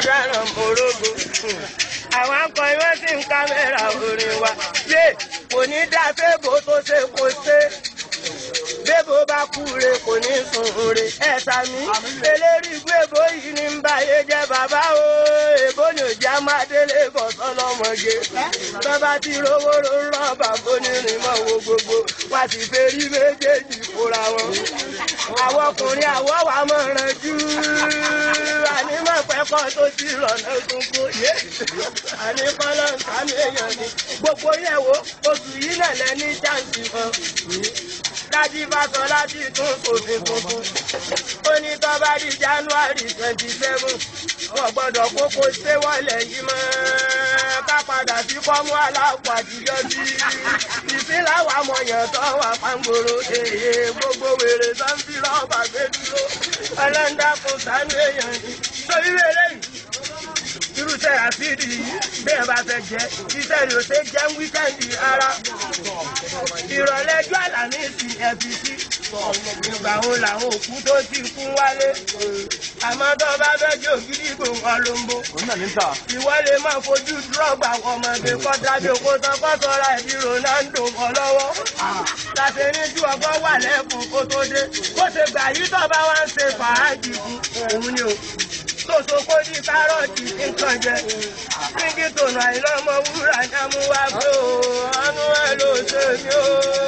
ọ̀daràn morogo. àwọn akọrin wọn sì ń kámẹ́rà orin wa. yé kò ní dá fébò tó ṣe kó ṣe. bébò bá kú re kò ní sùn re. ẹ sàmì eléri ibú èbó yìí ní ń bá yé jẹ bàbá o. èbó ni òjá máa bọ̀ sọlọ́mọge. bàbá ti rówó ló ń rán bàbá onírin mọ́ wo gbogbo. wá sì fẹ́ méjèèjì fúnra wọn. àwọn ọkùnrin àwọ̀ wa mọ̀ jù àní má pẹ́kọ́ tó ti rọ̀nà gbogbo yé àní kọ́lọ́ sàmì èèyàn ni gbogbo yẹ̀ wo oṣù yìí náà lẹ́ni jáǹtì kan láti bá sọ láti tún òfin funfun ó ní tó di January twenty seven wọn gbọ́dọ̀ kókó ṣé wọlé yìí mọ́ ká padà sí kọ́mú aláwọ̀ àtijọ́ bí ìsínláwà mọ̀yàn tó wà pàǹgbòrò èyí gbogbo wèrè tó ń fi dúró ọlọ́ńdà kò sánú èèyàn yìí torí wẹ́rẹ́ yìí irúṣẹ́ àfíìdì yìí bẹ́ẹ̀ bá fẹ́ jẹ́ iṣẹ́ rẹ̀ ò ṣe jẹ́ ń wíkẹ́ǹdì ara ìrọ̀lẹ́ ẹjọ́ àlàní ìsìn ẹ̀bí sí ìgbà wo làwọn òkú tó ti kú wálé àmọ́ tó bá fẹ́ jẹ́ ògidì ìgbòho ọlọ́mbó ìwọ lè máa fojú dúrọ́gbà ọmọdé kọ́ dábẹ́ òkú tán kọ́ sọ́ra ẹ̀bí Ronaldo kọ́ lọ́wọ́ láti ní tí ọgbọ́n wà lẹ́kùn kó tó dé bó ṣe gbà yìí tó bá wá ń ṣe fàájì fún òun ni o. Òṣogbo ní kárọ̀tì nǹkan jẹ. Bíngì tònà àìlọ́mọ wúrà ní amúwágbó. Àánú ẹ̀ ló ṣe mí o.